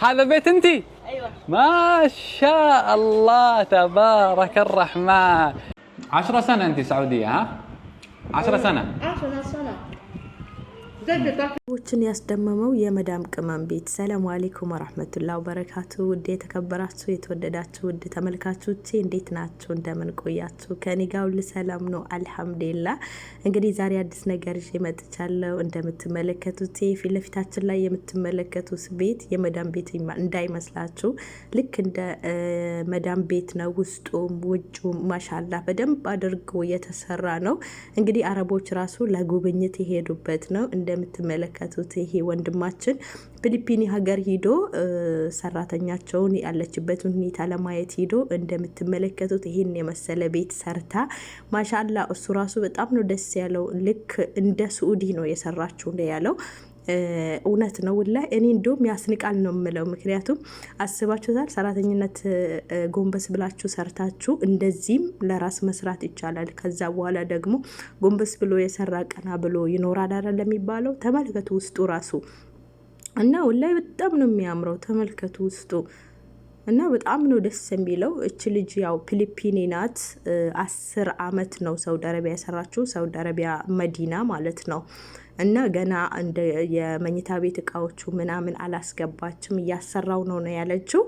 هذا بيت انت ايوه ما شاء الله تبارك الرحمن 10 سنه انت سعوديه ها 10 أيوة. سنه 10 سنه ሰዎችን ያስደመመው የመዳም ቅመም ቤት። ሰላም አሌይኩም ወራህመቱላ ወበረካቱ። ውድ የተከበራችሁ የተወደዳችሁ ውድ ተመልካቾቼ እንዴት ናችሁ? እንደምን ቆያችሁ? ከኔ ጋር ሁሉ ሰላም ነው አልሐምዱላ። እንግዲህ ዛሬ አዲስ ነገር ይዤ መጥቻለሁ። እንደምትመለከቱት ፊት ለፊታችን ላይ የምትመለከቱት ቤት የመዳም ቤት እንዳይመስላችሁ፣ ልክ እንደ መዳም ቤት ነው። ውስጡም ውጩም ማሻላ በደንብ አድርጎ የተሰራ ነው። እንግዲህ አረቦች ራሱ ለጉብኝት የሄዱበት ነው እንደ እንደምትመለከቱት ይሄ ወንድማችን ፊሊፒኒ ሀገር ሂዶ ሰራተኛቸውን ያለችበትን ሁኔታ ለማየት ሂዶ እንደምትመለከቱት ይህን የመሰለ ቤት ሰርታ ማሻላ እሱ ራሱ በጣም ነው ደስ ያለው። ልክ እንደ ስዑዲ ነው የሰራችው ያለው እውነት ነው ውላ እኔ እንዲሁም ያስንቃል ነው የምለው። ምክንያቱም አስባችሁታል፣ ሰራተኝነት ጎንበስ ብላችሁ ሰርታችሁ እንደዚህም ለራስ መስራት ይቻላል። ከዛ በኋላ ደግሞ ጎንበስ ብሎ የሰራ ቀና ብሎ ይኖራል አይደል የሚባለው። ተመልከቱ ውስጡ ራሱ እና ውላይ በጣም ነው የሚያምረው። ተመልከቱ ውስጡ እና በጣም ነው ደስ የሚለው። እች ልጅ ያው ፊሊፒኒ ናት። አስር አመት ነው ሳውዲ አረቢያ የሰራችው፣ ሳውዲ አረቢያ መዲና ማለት ነው። እና ገና እንደ የመኝታ ቤት እቃዎቹ ምናምን አላስገባችም እያሰራው ነው ነው ያለችው።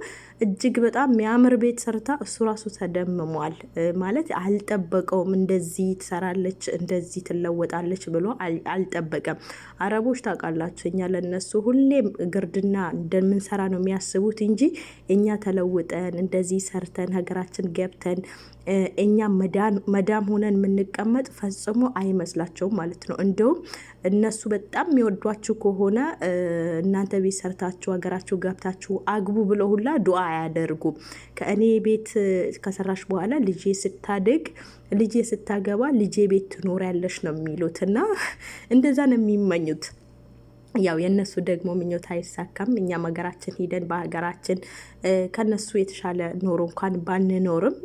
እጅግ በጣም የሚያምር ቤት ሰርታ እሱ ራሱ ተደምሟል። ማለት አልጠበቀውም። እንደዚህ ትሰራለች፣ እንደዚህ ትለወጣለች ብሎ አልጠበቀም። አረቦች ታውቃላችሁ፣ እኛ ለነሱ ሁሌም ግርድና እንደምንሰራ ነው የሚያስቡት እንጂ እኛ ተለውጠን እንደዚህ ሰርተን ሀገራችን ገብተን እኛ መዳም ሆነን የምንቀመጥ ፈጽሞ አይመስላቸውም ማለት ነው። እንደውም እነሱ በጣም የሚወዷችሁ ከሆነ እናንተ ቤት ሰርታችሁ ሀገራችሁ ገብታችሁ አግቡ ብለው ሁላ ዱዓ አያደርጉም። ከእኔ ቤት ከሰራሽ በኋላ ልጄ ስታድግ ልጄ ስታገባ ልጄ ቤት ያለሽ ነው የሚሉት እና እንደዛ ነው የሚመኙት። ያው የእነሱ ደግሞ ምኞት አይሳካም። እኛም ሀገራችን ሂደን በሀገራችን ከነሱ የተሻለ ኖሮ እንኳን ባንኖርም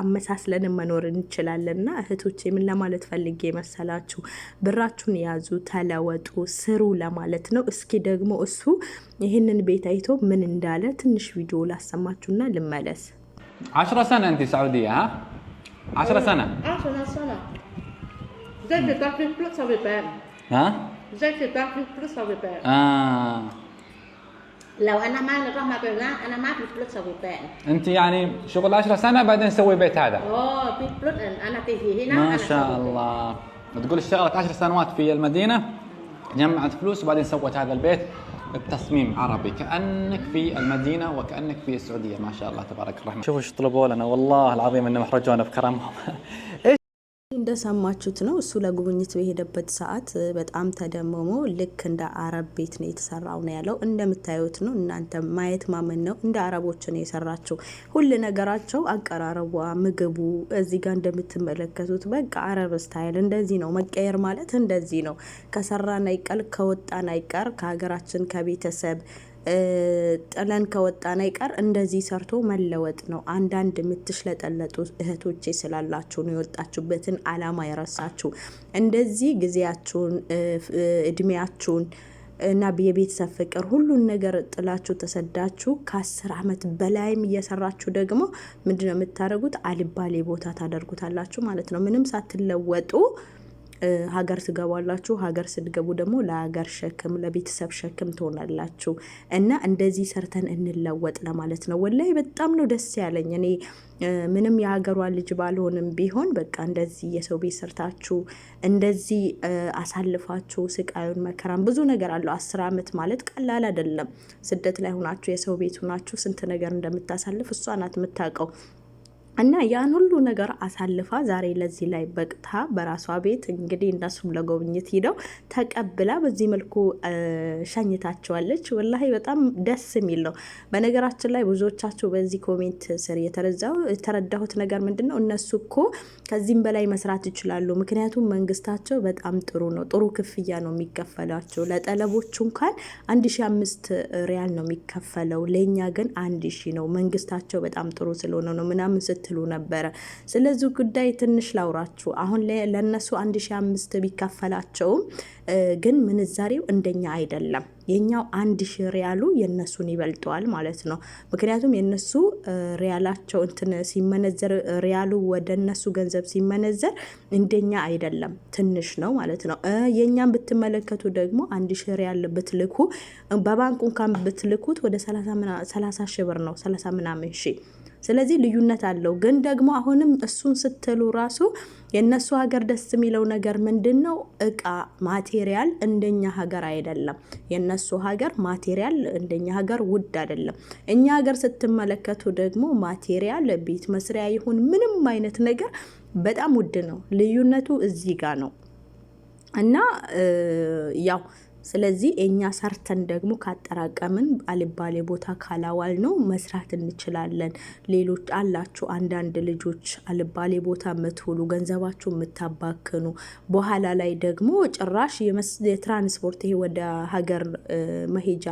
አመሳስለንም መኖር እንችላለን። እና እህቶቼ ምን ለማለት ፈልጌ መሰላችሁ? ብራችሁን ያዙ፣ ተለወጡ፣ ስሩ ለማለት ነው። እስኪ ደግሞ እሱ ይህንን ቤት አይቶ ምን እንዳለ ትንሽ ቪዲዮ ላሰማችሁና ልመለስ። አሽራ ሰነ እንቲ ሳዑዲያ አሽራ ሰነ Jacques في فلوس او بيبان اه لو انا ما نروح ما بيبان انا ما في فلوس او بيبان انت يعني شغل 10 سنه بعدين سوي بيت هذا اوه في فلوس انا تيجي هنا ما شاء الله تقول اشتغلت 10 سنوات في المدينه جمعت فلوس وبعدين سوت هذا البيت التصميم عربي كانك في المدينه وكانك في السعوديه ما شاء الله تبارك الرحمن شوفوا ايش طلبوا لنا والله العظيم انهم احرجونا بكرمهم እንደሰማችሁት ነው። እሱ ለጉብኝት በሄደበት ሰዓት በጣም ተደመሞ። ልክ እንደ አረብ ቤት ነው የተሰራው ነው ያለው። እንደምታዩት ነው እናንተ ማየት ማመን ነው። እንደ አረቦች ነው የሰራቸው ሁሉ ነገራቸው፣ አቀራረቧ፣ ምግቡ እዚህ ጋር እንደምትመለከቱት በቃ አረብ ስታይል እንደዚህ ነው። መቀየር ማለት እንደዚህ ነው። ከሰራን አይቀል ከወጣን አይቀር ከሀገራችን ከቤተሰብ ጥለን ከወጣን አይቀር እንደዚህ ሰርቶ መለወጥ ነው። አንዳንድ የምትሽለጠለጡ እህቶቼ ስላላችሁ ነው የወጣችሁበትን አላማ የረሳችሁ። እንደዚህ ጊዜያችሁን፣ እድሜያችሁን እና የቤተሰብ ፍቅር ሁሉን ነገር ጥላችሁ ተሰዳችሁ ከአስር አመት በላይም እየሰራችሁ ደግሞ ምንድነው የምታደርጉት? አልባሌ ቦታ ታደርጉታላችሁ ማለት ነው ምንም ሳትለወጡ ሀገር ትገባላችሁ። ሀገር ስትገቡ ደግሞ ለሀገር ሸክም ለቤተሰብ ሸክም ትሆናላችሁ እና እንደዚህ ሰርተን እንለወጥ ለማለት ነው። ወላይ በጣም ነው ደስ ያለኝ። እኔ ምንም የሀገሯ ልጅ ባልሆንም ቢሆን በቃ እንደዚህ የሰው ቤት ሰርታችሁ እንደዚህ አሳልፋችሁ ስቃዩን መከራን ብዙ ነገር አለው። አስር ዓመት ማለት ቀላል አይደለም። ስደት ላይ ሆናችሁ የሰው ቤት ሆናችሁ ስንት ነገር እንደምታሳልፍ እሷ ናት የምታውቀው። እና ያን ሁሉ ነገር አሳልፋ ዛሬ ለዚህ ላይ በቅታ በራሷ ቤት እንግዲህ እነሱም ለጎብኝት ሂደው ተቀብላ በዚህ መልኩ ሸኝታቸዋለች። ወላሂ በጣም ደስ የሚል ነው። በነገራችን ላይ ብዙዎቻችሁ በዚህ ኮሜንት ስር የተረዳሁት ነገር ምንድን ነው፣ እነሱ እኮ ከዚህም በላይ መስራት ይችላሉ። ምክንያቱም መንግስታቸው በጣም ጥሩ ነው። ጥሩ ክፍያ ነው የሚከፈላቸው። ለጠለቦቹ እንኳን አንድ ሺ አምስት ሪያል ነው የሚከፈለው፣ ለእኛ ግን አንድ ሺ ነው። መንግስታቸው በጣም ጥሩ ስለሆነ ነው ምናምን ስትሉ ነበረ። ስለዚህ ጉዳይ ትንሽ ላውራችሁ። አሁን ለእነሱ አንድ ሺ አምስት ቢካፈላቸውም ግን ምንዛሬው እንደኛ አይደለም። የኛው አንድ ሺ ሪያሉ የእነሱን ይበልጠዋል ማለት ነው። ምክንያቱም የእነሱ ሪያላቸው እንትን ሲመነዘር ሪያሉ ወደ እነሱ ገንዘብ ሲመነዘር እንደኛ አይደለም፣ ትንሽ ነው ማለት ነው። የእኛም ብትመለከቱ ደግሞ አንድ ሺ ሪያል ብትልኩ በባንኩ እንኳን ብትልኩት ወደ ሰላሳ ሺ ብር ነው ሰላሳ ምናምን ሺ ስለዚህ ልዩነት አለው። ግን ደግሞ አሁንም እሱን ስትሉ ራሱ የእነሱ ሀገር ደስ የሚለው ነገር ምንድን ነው? እቃ ማቴሪያል እንደኛ ሀገር አይደለም። የእነሱ ሀገር ማቴሪያል እንደኛ ሀገር ውድ አይደለም። እኛ ሀገር ስትመለከቱ ደግሞ ማቴሪያል ቤት መስሪያ ይሁን ምንም አይነት ነገር በጣም ውድ ነው። ልዩነቱ እዚህ ጋር ነው እና ያው ስለዚህ እኛ ሰርተን ደግሞ ካጠራቀምን አልባሌ ቦታ ካላዋል ነው መስራት እንችላለን። ሌሎች አላችሁ አንዳንድ ልጆች አልባሌ ቦታ የምትውሉ ገንዘባችሁ የምታባክኑ በኋላ ላይ ደግሞ ጭራሽ የትራንስፖርት ይሄ ወደ ሀገር መሄጃ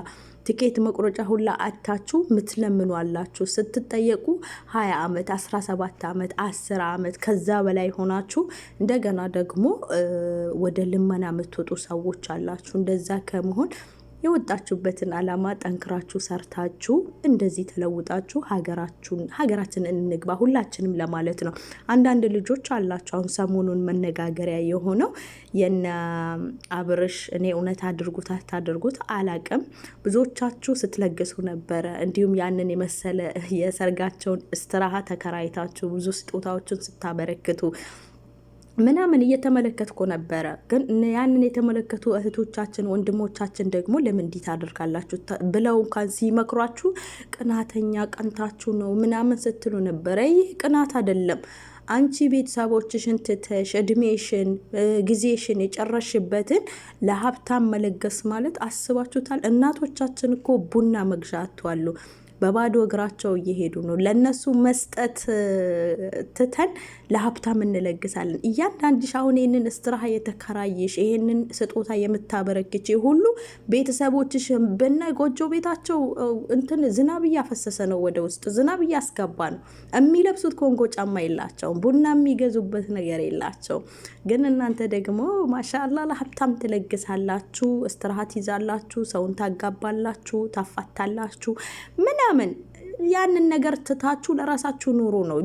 ትኬት መቁረጫ ሁላ አታችሁ ምትለምኑ አላችሁ። ስትጠየቁ 20 ዓመት 17 ዓመት 10 ዓመት ከዛ በላይ ሆናችሁ እንደገና ደግሞ ወደ ልመና የምትወጡ ሰዎች አላችሁ። እንደዛ ከመሆን የወጣችሁበትን ዓላማ ጠንክራችሁ ሰርታችሁ እንደዚህ ተለውጣችሁ ሀገራችሁን ሀገራችን እንግባ ሁላችንም ለማለት ነው። አንዳንድ ልጆች አላቸው። አሁን ሰሞኑን መነጋገሪያ የሆነው የነ አብርሽ እኔ እውነት አድርጉት አታድርጉት አላቅም። ብዙዎቻችሁ ስትለግሱ ነበረ። እንዲሁም ያንን የመሰለ የሰርጋቸውን እስትራሃ ተከራይታችሁ ብዙ ስጦታዎችን ስታበረክቱ ምናምን እየተመለከትኩ ነበረ። ግን ያንን የተመለከቱ እህቶቻችን ወንድሞቻችን ደግሞ ለምን እንዲህ ታደርጋላችሁ ብለው እንኳን ሲመክሯችሁ ቅናተኛ ቀንታችሁ ነው ምናምን ስትሉ ነበረ። ይህ ቅናት አይደለም። አንቺ ቤተሰቦችሽን ትተሽ እድሜሽን ጊዜሽን የጨረሽበትን ለሀብታም መለገስ ማለት አስባችሁታል? እናቶቻችን እኮ ቡና መግዣ አጥተዋል። በባዶ እግራቸው እየሄዱ ነው። ለእነሱ መስጠት ትተን ለሀብታም እንለግሳለን። እያንዳንድሽ አሁን ይህንን እስትራሃ የተከራይሽ ይህንን ስጦታ የምታበረክች ሁሉ ቤተሰቦችሽ በነ ጎጆ ቤታቸው እንትን ዝናብ እያፈሰሰ ነው፣ ወደ ውስጥ ዝናብ እያስገባ ነው። የሚለብሱት ኮንጎ ጫማ የላቸውም፣ ቡና የሚገዙበት ነገር የላቸውም። ግን እናንተ ደግሞ ማሻላ ለሀብታም ትለግሳላችሁ፣ እስትራሃ ትይዛላችሁ፣ ሰውን ታጋባላችሁ፣ ታፋታላችሁ ምን ለምን ያንን ነገር ትታችሁ ለራሳችሁ ኑሮ ነው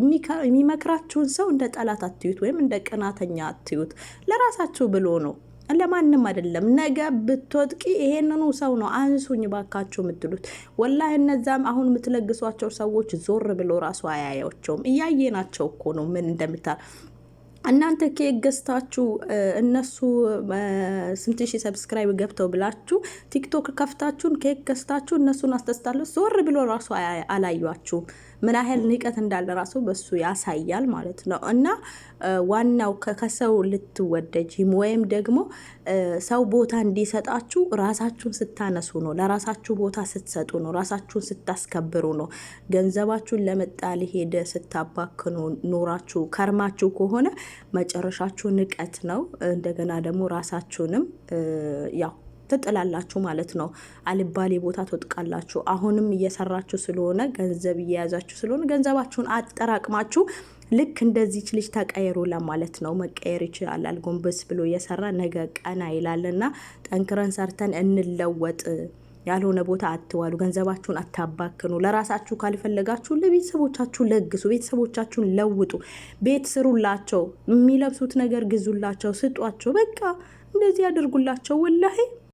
የሚመክራችሁን ሰው እንደ ጠላት አትዩት፣ ወይም እንደ ቅናተኛ አትዩት። ለራሳችሁ ብሎ ነው ለማንም አይደለም። ነገ ብትወጥቂ ይሄንኑ ሰው ነው አንሱኝ ባካችሁ የምትሉት። ወላሂ እነዛም አሁን የምትለግሷቸው ሰዎች ዞር ብሎ ራሱ አያያቸውም። እያየናቸው እኮ ነው ምን እንደምታ እናንተ ኬክ ገዝታችሁ እነሱ ስንት ሺህ ሰብስክራይብ ገብተው ብላችሁ ቲክቶክ ከፍታችሁን ኬክ ገዝታችሁ እነሱን አስደስታለሁ ዞር ብሎ ራሱ አላዩችሁም። ምን ያህል ንቀት እንዳለ ራሱ በሱ ያሳያል ማለት ነው። እና ዋናው ከሰው ልትወደጅ ወይም ደግሞ ሰው ቦታ እንዲሰጣችሁ ራሳችሁን ስታነሱ ነው። ለራሳችሁ ቦታ ስትሰጡ ነው። ራሳችሁን ስታስከብሩ ነው። ገንዘባችሁን ለመጣል ሄደ ስታባክኑ ኖራችሁ ከርማችሁ ከሆነ መጨረሻችሁ ንቀት ነው። እንደገና ደግሞ ራሳችሁንም ያው ትጥላላችሁ ማለት ነው። አልባሌ ቦታ ትወጥቃላችሁ። አሁንም እየሰራችሁ ስለሆነ ገንዘብ እየያዛችሁ ስለሆነ ገንዘባችሁን አጠራቅማችሁ ልክ እንደዚች ልጅ ተቀየሩ ለማለት ነው። መቀየር ይችላል። ጎንበስ ብሎ እየሰራ ነገ ቀና ይላልና ጠንክረን ሰርተን እንለወጥ። ያልሆነ ቦታ አትዋሉ። ገንዘባችሁን አታባክኑ። ለራሳችሁ ካልፈለጋችሁ ለቤተሰቦቻችሁ ለግሱ። ቤተሰቦቻችሁን ለውጡ። ቤት ስሩላቸው። የሚለብሱት ነገር ግዙላቸው፣ ስጧቸው። በቃ እንደዚህ ያደርጉላቸው። ወላሄ